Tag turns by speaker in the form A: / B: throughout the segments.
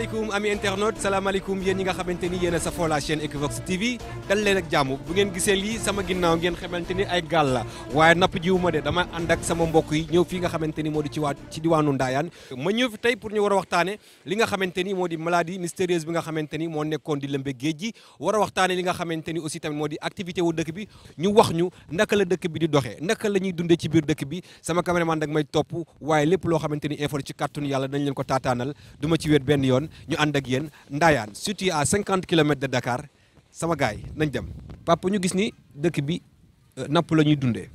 A: salaamaaleykum ami internaute salaamaaleykum yéen ñi nga xamante ni yéen a safoo la chaîne Equivox TV dal leen ak bu ngeen gisee lii sama ginnaaw ngeen xamante ni ay gaal la waaye napp jiwu ma de dama ànd ak sama mbokk yi ñëw fii nga xamante ni moo di ci ci diwaanu Ndaayaan ma ñëw fi pour ñu war a li nga xamante ni moo di maladie mystérieuse bi nga xamante ni moo nekkoon di lëmbe géej gi war a waxtaane li nga xamante ni aussi tamit moo di activité wu dëkk bi ñu wax ñu naka la dëkk bi di doxee naka la ñuy dundee ci biir dëkk bi sama caméraman nag may topp waaye lépp loo xamante ni info ci kàttanu yàlla dañ leen ko taataanal duma ci benn yoon ñu ànd ak yéen Ndayane situé à cinquante kilomètres de Dakar sama gars yi nañ dem papa ñu gis ni dëkk bi euh, napp la ñuy dundee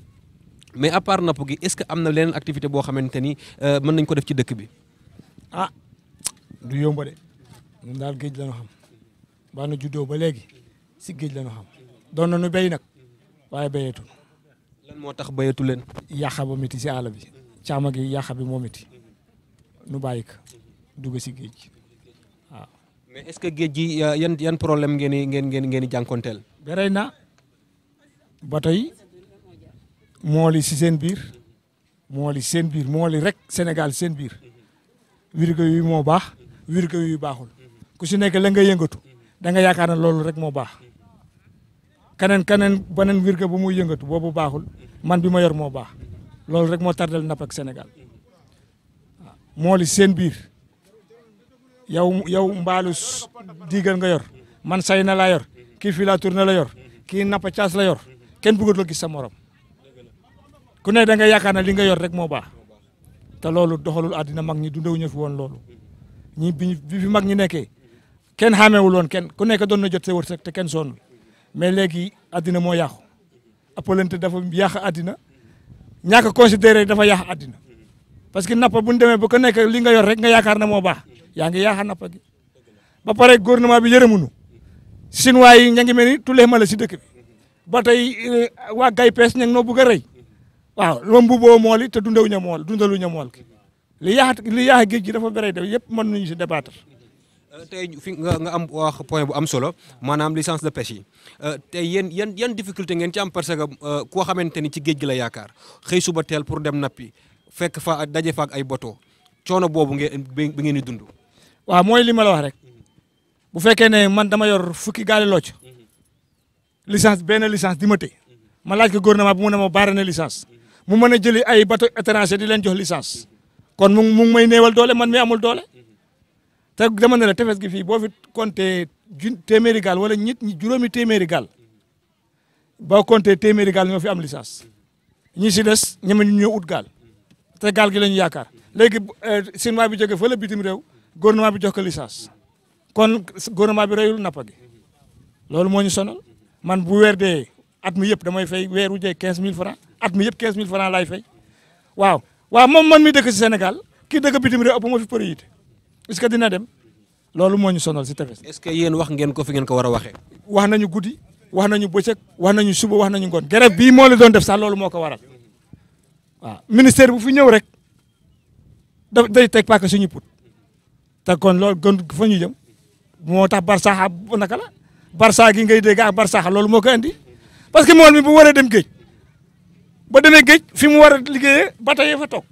A: mais à napp gi est-ce que am na leen activité boo xamante ni euh, mën nañ ko def ci dëkk bi.
B: ah du yomb de ñun daal géej la ñu xam baax na juddoo ba léegi si géej la ñu xam doon nu béy nag waaye béyeetu lan moo tax béyeetu leen. yàqa ba métti si àll bi caama gi yàqa bi moo métti nu bàyyi ko dugg si géej
A: mais est ce que géej gi euh, yan yan problème ngeen di ngeen ngeen ngeen
B: berey na bato yi mool yi si seen biir mool yi seen biir mool yi rek Sénégal seen biir wirgo yu moo baax wirgo yu baaxul ku si nekk la nga yëngatu da nga yaakaar na loolu rek moo baax keneen keneen beneen wirgo bu muy yëngatu boobu baaxul man bi ma yor moo baax loolu rek moo tardel napp ak Sénégal mool seen biir. yow yow mbaalu diigal nga yor man say na laa yor kii fii laa tourné la yor kii nappa caas la yor kenn bëggat gi gis sa morom ku ne da nga yaakaar ne li nga yor rek moo baax te loolu doxalul àddina mag ñi dundewu fi woon loolu ñi bi fi mag ñi nekkee kenn xàmmeewul woon kenn ku nekk doon na jot sa wërsëg te kenn soonul mais léegi àddina moo yàqu appalante dafa yàq àddina ñaaka considéré dafa yàq addina parce que nappa bu ñu demee ba ku nekk li nga yor rek nga yaakaar na moo baax yaa ngi yaaxa nappa gi ba pare gouvernement bi yërëmuñu chinois yi ña ngi mel ni tulee ma si dëkk bi ba tey eh, waa gay pees ña ngi noo bugg a rey waaw loom bu boo mool yi te dundewu ña mool dundalu mool ki li yaax li yaax géej gi dafa béré def yëpp mën nañu si débattre euh, tey fi nga nga am wax point bu am
A: solo maanaam licence de pêche yi euh, tey yéen yan yan difficulté ngeen ci am parce que euh, koo xamante ni ci géej gi la yaakaar xëy suba teel pour dem nappi fekk fa daje fa ay boto
B: coono boobu ngeen bi ngeen di dund waaw mooy li ma la wax rek bu fekkee ne man dama yor fukki gaali locc licence benn licence di ma ma laaj ko gouvernement bu mu ne ma baare na licence mu mën a jëli ay bateau étranger di leen jox licence kon mu mu may néewal doole man mi amul doole te dama ne la gi fii boo fi compter jun téeméeri gaal wala ñit juróomi téeméeri gaal boo compter téeméeri gaal ñoo fi am licence ñi si des ñeme ñu ñëw ut gaal te gaal gi la yaakaar léegi euh, chinois bi jóge fële bitim réew. gouvernement bi jox ko licence kon gouvernement bi reyul napp gi loolu moo ñu sonal man bu weer dee at mi yëpp damay fay weer wu jee quinze mille francs at mi yëpp quinze mille francs laay fay waaw waaw moom man mi dëkk si Sénégal kii dëkk bitim réew ëpp ma fi priorité est-ce que dina dem loolu moo ñu sonal si tefes est-ce que yéen wax ngeen ko fi ngeen ko war a waxee wax nañu guddi wax nañu bëccëg wax nañu suba wax nañu ngoon grève bii moo la doon def sax loolu moo ko waral waaw ministère bu fi ñëw rek da day teg paaka suñu put te kon loolu gën fo ñu jëm moo tax barsaxa naka la barsa gi de dégg ak barsaxa loolu moo ko parce que moo mi bu waree dem géej ba demee géej fi mu war a liggéeyee ba tey fa toog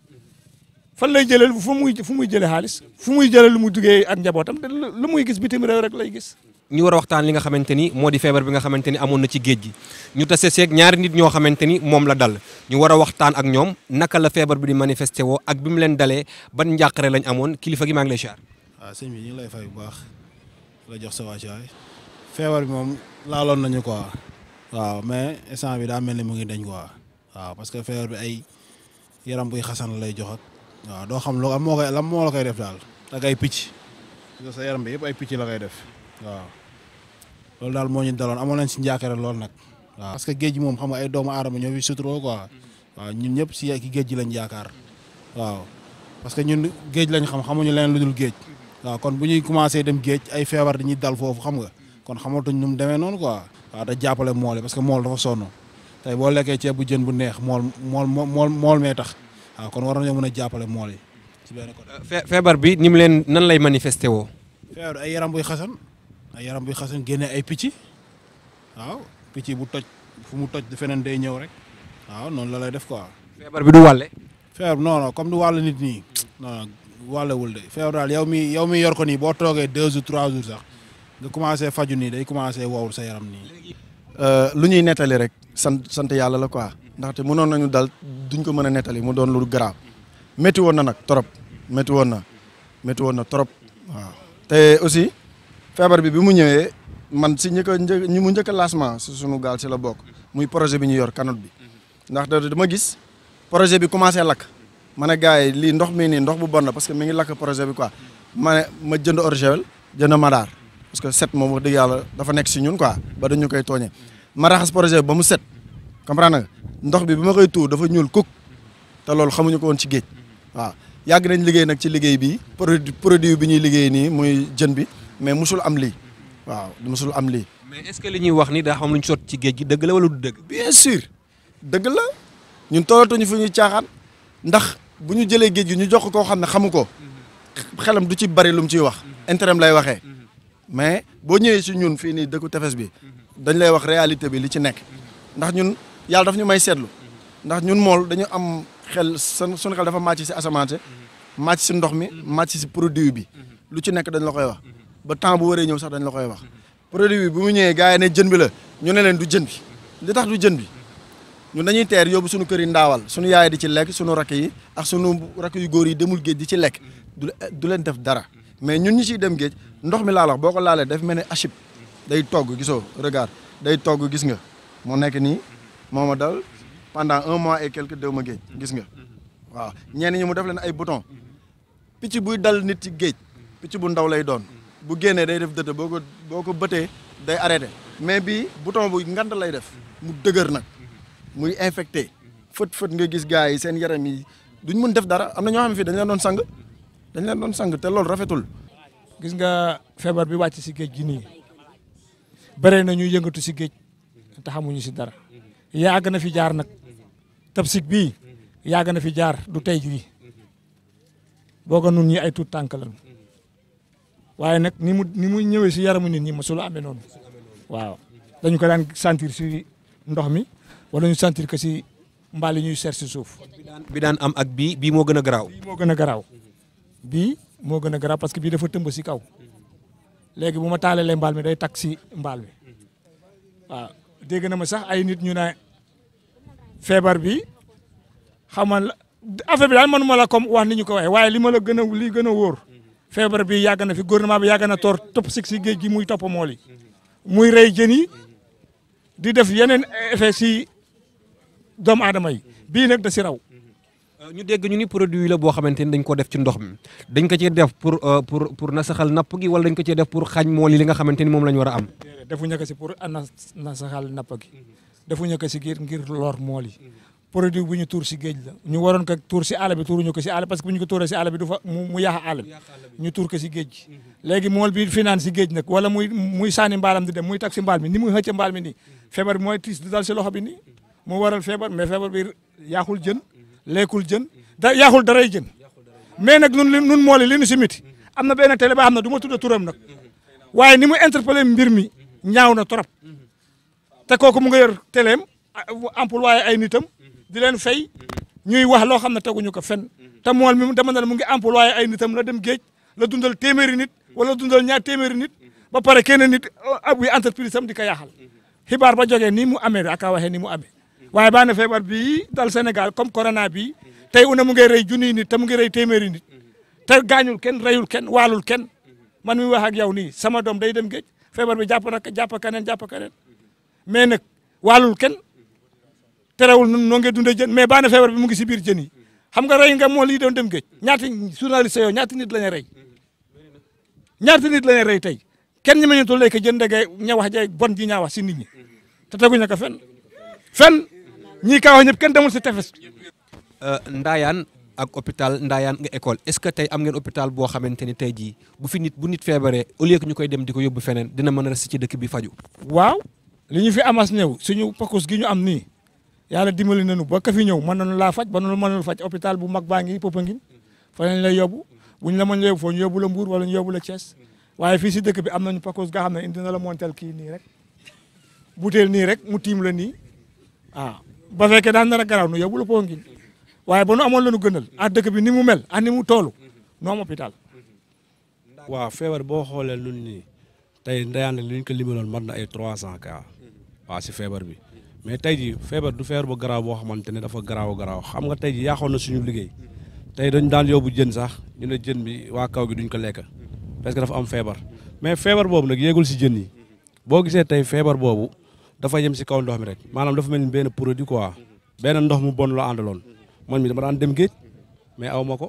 B: fan lay jëlee fu muy fu muy jëlee xaalis fu muy jëlee lu mu duggee ak njabootam lu muy gis bitim réew rek lay gis. ñu war
A: a waxtaan li nga xamante ni moo di feebar bi nga xamante ni amoon na ci géej gi ñu tase seeg ñaari nit ñoo xamante ni moom la dal ñu war a waxtaan ak ñoom naka la feebar bi di manifesté woo ak bi mu leen dalee ban njàqare
C: lañ amoon kilifa gi maa lay siyaar waaw ah, sëñ bi ñu ngi lay fay bu baax la jox sa wàccuwaay feebar bi moom laaloon nañu quoi waaw mais instant bi daa mel ni mu ngi dañ quoi waaw parce que feebar bi ay yaram buy xasan lay jox ak waaw doo xam loo am moo koy lan moo la koy def daal ak picc sa yaram bi yëpp ay picc la def loolu daal moo ñu daloon amoon nañ si njaakare lool nag waaw parce que géej moom xam nga ay doomu aadama ñoo fi suturoo quoi waaw ñun ñëpp si ki géej gi lañ yaakaar waaw parce que ñun géej lañ xam xamuñu leen lu dul géej waaw kon bu ñuy commencé dem géej ay feebar ñuy dal foofu xam nga kon tuñ nu mu demee noonu quoi waaw da jàppale mool yi parce que mool dafa sonn tey boo lekkee ceeb bu jën bu neex mool mool mool mool mee tax waaw kon war nañoo mën a jàppale mool yi ci benn côté euh, feebar
A: bi ni mu leen nan lay manifesté woo
C: ay yaram buy xasan ay yaram buy xasan génne ay picc waaw picc bu toj fu mu toj feneen day ñëw rek waaw noonu la lay def quoi feebar bi du wàlle feebar non non comme du wàll nit ñi wàllawul de feebar daal yow mi yow mi yor nii boo toogee deux jours trois jours sax nga commencé faju nii day commencé wowul sa yaram nii. Euh, lu ñuy nettali rek sant sant yàlla la quoi
D: ndaxte mënoon nañu dal duñ ko mën a nettali mu doon lu grave métti woon na nag trop métti woon na métti na trop waaw te aussi feebar bi bi mu ñëwee man si ñi ko ñi mu njëkk a su sunu gaal si la bokk muy projet bi ñu yor canot bi ndaxte dama gis projet bi commencé lakk. ma ne gars yi lii ndox mi nii ndox bu bon la parce que mi ngi lakk projet bi quoi ma ne ma jënd orgevel jënd madaar parce que set moom wax dëgg yàlla dafa nekk si ñun quoi ba dañu koy tooñee ma raxas projet ba mu set comprendre nga ndox bi bi ma koy tuur dafa ñuul kuk te loolu xamuñu ko woon ci géej waaw yàgg nañ liggéey nag ci liggéey bi produit produit bi ñuy liggéey nii muy jën bi mais musul am lii waaw musul am lii. mais est-ce que li ñuy wax ni daa xam lu ñu ci géej gi dëgg la wala du dëgg. bien sûr dëgg la ñun tollatuñu fu ñu caaxaan ndax. bu ñu jëlee géej gi ñu jox ko koo xam ne xamu ko xelam du ci bari lu mu ciy wax intérim lay waxee mais boo ñëwee si ñun fii nii dëkku tefes bi dañ lay wax réalité bi li ci nekk ndax ñun yàlla daf ñu may seetlu ndax ñun mool dañu am xel seen suñu xel dafa màcc si asamaan si si ndox mi màcc si produit bi lu ci nekk dañ la koy wax ba temps bu waree ñëw sax dañ la koy wax produit bi bu mu ñëwee gars yi ne jën bi la ñu ne leen du jën bi li tax du jën bi ñun dañuy teer yóbbu suñu kër yi ndaawal suñu yaay di ci lekk sunu rakk yi ak sunu rakk yu góor yi demul géej di ci lekk du du leen def dara mais ñun ñu siy dem géej ndox mi laalo boo ko laalee daf mel ni achib day togg gisoo regard day togg gis nga moo nekk nii moo ma pendant un mois et quelques dew ma géej gis nga waaw ñenn ñi mu def leen ay bouton picc buy dal nit ci géej picc bu ndaw lay doon bu génnee day def dëtt boo ko boo ko bëtee day arrêté mais bi bouton bu ngand lay def mu dëgër nag muy infecté fët fët nga gis gaa yi seen yaram yi duñ mun def dara am na ñoo xam fii dañ leen doon sang dañ leen doon sang te loolu rafetul.
B: gis nga feebar bi wàcc si géej gi nii bare na ñuy yëngatu si géej te xamuñu si dara yàgg na fi jaar nag tabsik bii yàgg na fi jaar du tey jii booga nun ñi ay tuut tànk lañu waaye nag ni mu ni mu ñëwee si yaramu nit ñi mosul amee noonu waaw dañu ko daan sentir si ndox mi. wala ñu santir que si mbaal yi ñuy seet si suuf. bi daan am ak
A: bii bii moo gën a garaaw. bii
B: moo gën a garaaw bii moo gën a garaaw parce que bii dafa tëmb si kaw léegi bu ma taalalee mbaal mi day takk si mbaal mi waaw dégg na ma sax ay nit ñu ne feebar bi xamal affaire bi man ma la comme wax ni ñu ko waxee waaye li ma la gën a li gën a wóor feebar bi yàgg na fi gouvernement bi yàgg na toor topp si si géej gi muy topp mool muy rey jën yi di def yeneen effet si
A: doomu aadama yi bii nag da si raw. ñu dégg ñu ni produit la boo xamante ni dañ ko def ci ndox mi dañ ko cee def pour euh, pour pour nasaxal napp gi wala dañ ko cee def pour xañ mool yi li nga xamante ni moom la war a
B: napp gi defuñu ko yi produit bu ñu tuur si géej la ñu waroon ko tuur si àll bi tuuruñu ko si àll parce que bu ñu ko tuuree si àll du fa mu yàq àll ñu tuur ko si géej léegi mool bi finaan si géej nag wala muy muy mbaalam di dem muy tag si mbaal mi ni muy xëcc mbaal mi nii feebar mooy tiis si loxo bi nii moo waral feebar mais feebar bi yaaxul jën lekkul jën da yaaxul daray jën mais nag nun nun mooli li nu si miti am na benn télé ba xam ne du ma tudd turam nag waaye ni mu interpellé mbir mi ñaaw na trop te kooku mu ngi yor téléem employé ay nitam di leen fay ñuy wax loo xam ne teguñu ko fen te mool mi mu dama ne la mu ngi employé ay nitam la dem géej la dundal téeméeri nit wala dundal ñaar téeméeri nit ba pare kenn nit ab entreprise am di ko yaaxal xibaar ba jógee ni mu amee ak a waxee ni mu amee waaye baa na feebar bii dal Sénégal comme corona bi tey una mu ngi rey junniy nit te mu ngi rey téeméeri nit te gaañul kenn reyul kenn waalul kenn man mi wax ak yow nii sama doom day dem géej feebar bi jàpp na jàpp kaneen jàpp kaneen mais nag waalul ken terewul nun dundee jën mais baa na feebar bi mu ngi si biir jën yi xam nga rey nga moo lii doon dem géej ñaata journaliste yow ñaata nit la ñu rey ñaata nit la rey tey kenn ñi ma ñu tul lekk jën ña wax ja bon ji ñaa wax si nit ñi te teguñu ko fenn ñii kaa wax
A: ñëpp kenn demul si tefes. Euh, Ndayane ak hôpital Ndayane nga école est-ce que tey am ngeen hôpital boo xamante ni tey jii bu fi nit bu nit feebaree au lieu que ñu koy dem di ko yóbbu feneen dina mën a rester ci dëkk
B: bi faju waaw li ñu fi amas néew suñu pakos gi ñu am nii yàlla dimbali nañu ba ka fi ñëw mën nañu laa faj ba noonu mënul faj hôpital bu mag baa ngi Popenguine fa lañ lay yóbbu bu ñu la mën a yóbbu ñu yóbbu la Mbour wala ñu yóbbu la Thiès waaye fii si dëkk bi am nañu pakos nga xam ne la montel kii nii rek nii rek mu tiim la nii waaw ba fekkee daan nar a garaaw nu yóbbu la Popenguine waaye ba amoon la nu gënal ak dëkk bi ni mu mel ak mu toolu nu am
E: waaw feebar boo xoolee lu nii tey ndeyaan li ñu ko limaloon mat na ay trois cent cas waaw si feebar bi mais tey ji feebar du feebar bu garaaw boo xamante ne dafa garaaw garaaw xam nga tey ji na suñu liggéey tey dañ daan yóbbu jën sax ñu ne jën bi waa kaw gi duñ ko lekk parce que dafa am feebar mais feebar boobu nag yéegul si jën yi boo gisee tey feebar boobu. dafa yem si kaw ndox mi rek maanaam dafa mel ni benn produit quoi benn ndox mu bon la àndaloon man mi dama daan dem géej mais aw ma ko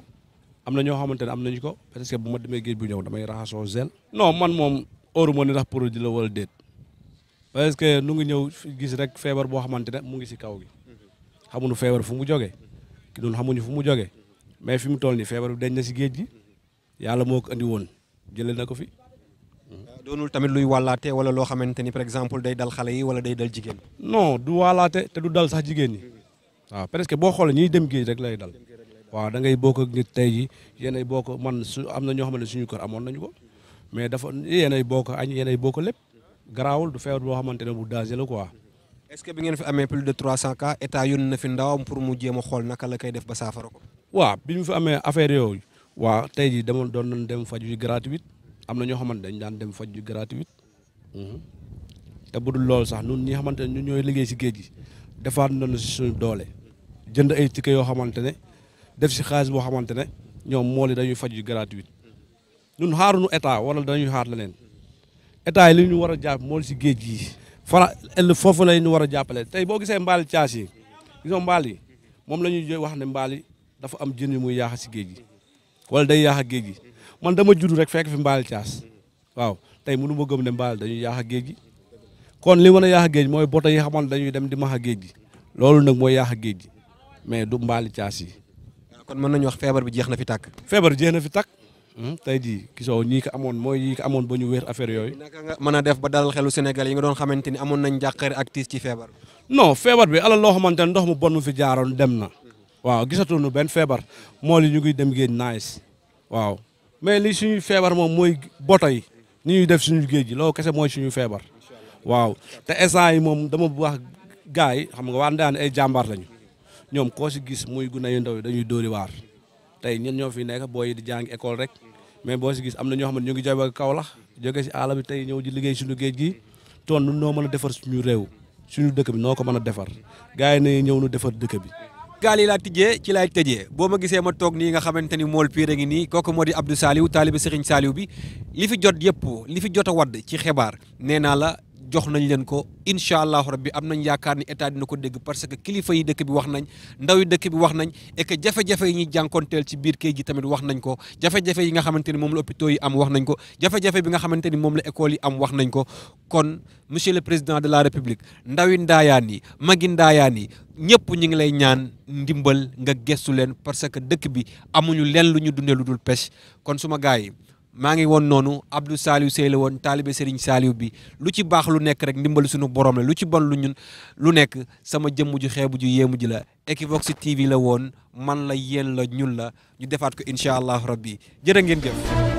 E: am na ñoo xamante ne am nañu ko parce que bu ma demee géej bu ñëw damay raxasoo zel non man moom óoru ma ni ndax produit la wala déet parce que nu ngi ñëw gis rek feebar boo xamante ne mu ngi si kaw gi xamuñu feebar fu mu jógee ki doon xamuñu fu mu jógee mais fi mu toll nii feebar bi dañ na si géej gi yàlla moo ko andi woon jëlee na ko fi doonul tamit luy wàllaate wala loo
A: xamante ni par exemple day dal xale yi wala day dal jigéen
E: non du wàllaate te du dal sax jigéen ñi waaw presque boo xoolee ñiy dem géej rek lay dal waaw da ngay bokk ak nit tey ji yéenay bokk man su am na ñoo xam suñu kër amoon nañu ko mais dafa yéenay bokk añ yéenay bokk lépp garaawul du feebar boo xamante ne bu danger la quoi
A: est-ce bi ngeen fi amee plus
E: de 300 cas état yónni na
A: fi ndawam pour mu jéem a xool naka la koy def ba saafara ko
E: bi ñu fi amee affaire yooyu waaw tey ji dama doon nañ dem faju yi gratuite am na ñoo xamante dañ daan dem faj ju gratuite te bu dul loolu sax ñun ñi xamante ne ñun ñooy liggéey si géej gi defaat nañu si suñu doole jënd ay ticket yoo xamante ne def si xaalis boo xamante ne ñoom mool yi dañuy faj yu gratuite ñun nu état wala dañuy xaar leneen état yi li ñu war a jàpp mool si géej gi. fara ëll foofu la ñu war a jàppale tey boo gisee mbaali caas yi gisoo mbaal yi moom lañuy ñuy wax ne mbaal yi dafa am jën yu muy yaax si géej gi wala day yaax géej gi. man dama judd rek fekk fi mbaal caas waaw tey mënu ma gëm ne mbaal dañuy yaax a géej gi kon li mën a yaax a géej mooy bota yi xamante dañuy dem di max a géej gi loolu nag mooy yaax a géej gi mais du mbaali caas yi. kon mën nañu wax feebar bi jeex na fi tàkk. feebar jeex na fi takk hmm, tey jii gisoo ñii ko amoon mooy ñii amoon ba ñu wér affaire yooyu. naka nga mën a def ba dalal xelu Sénégal yi nga doon xamante ni amoon nañ jàqare ak tiis ci feebar bi. non feebar bi alal loo xamante ne ndox mu bon mu fi jaaroon dem na. Mhm. waaw gisatuñu benn feebar mool ñu ngi dem géej nice waaw mais li suñu feebar moom mooy boto yi ni ñuy def suñu géej gi loo kese mooy suñu feebar waaw te instant yi moom dama wax gars yi xam nga waa Ndeyane ay jàmbaar lañu ñoom koo si gis muy gune yu ndaw yi dañuy dóori waar tey ñun ñoo fi nekk booy yi di jàng école rek mais boo si gis am na ñoo xam ne ñu ngi jóge Kaolack jóge si àll bi tey ñëw di liggéey suñu géej gi toon noo mën a defar suñu réew suñu dëkk bi noo ko mën a defar gars yi nañu ñëw nu defar
A: dëkk bi gaal yi laa tijjee ci laay tëjee boo ma gisee ma toog nii nga xamante ni mool piir a ni nii kooku moo di Abdou Saliou taaliba Serigne Saliou bi li fi jot yëpp li fi jota a wadd ci xibaar nee naa la jox nañ leen ko incha allahu rabbi am nañ yaakaar ni état dina ko dégg parce que kilifa yi dëkk bi wax nañ ndawi yi dëkk bi wax nañ et que jafe-jafe yi ñuy ci biir kay gi tamit wax nañ ko jafe yi nga xamante ni moom la hôpitaux yi am wax nañ ko jafe-jafe bi nga xamante ni moom la école yi am wax nañ ko kon monsieur le président de la république ndawi ndaayaan yi magi ndaayaan yi ñëpp ñu ngi lay ñaan ndimbal nga gestu leen parce que dëkk bi amuñu leen lu ñu dundee lu dul pêche kon suma gaay yi maa ngi woon noonu Abdou Saliou Sey la woon taalibe Serigne Saliou bi lu ci baax lu nekk rek ndimbali suñu borom la lu ci bon lu ñun lu nekk sama jëmm ju xeebu ju yéemu ji la Equivox TV la woon man la yéen la ñun la ñu defaat ko incha allah rabbi jërë ngeen jëf.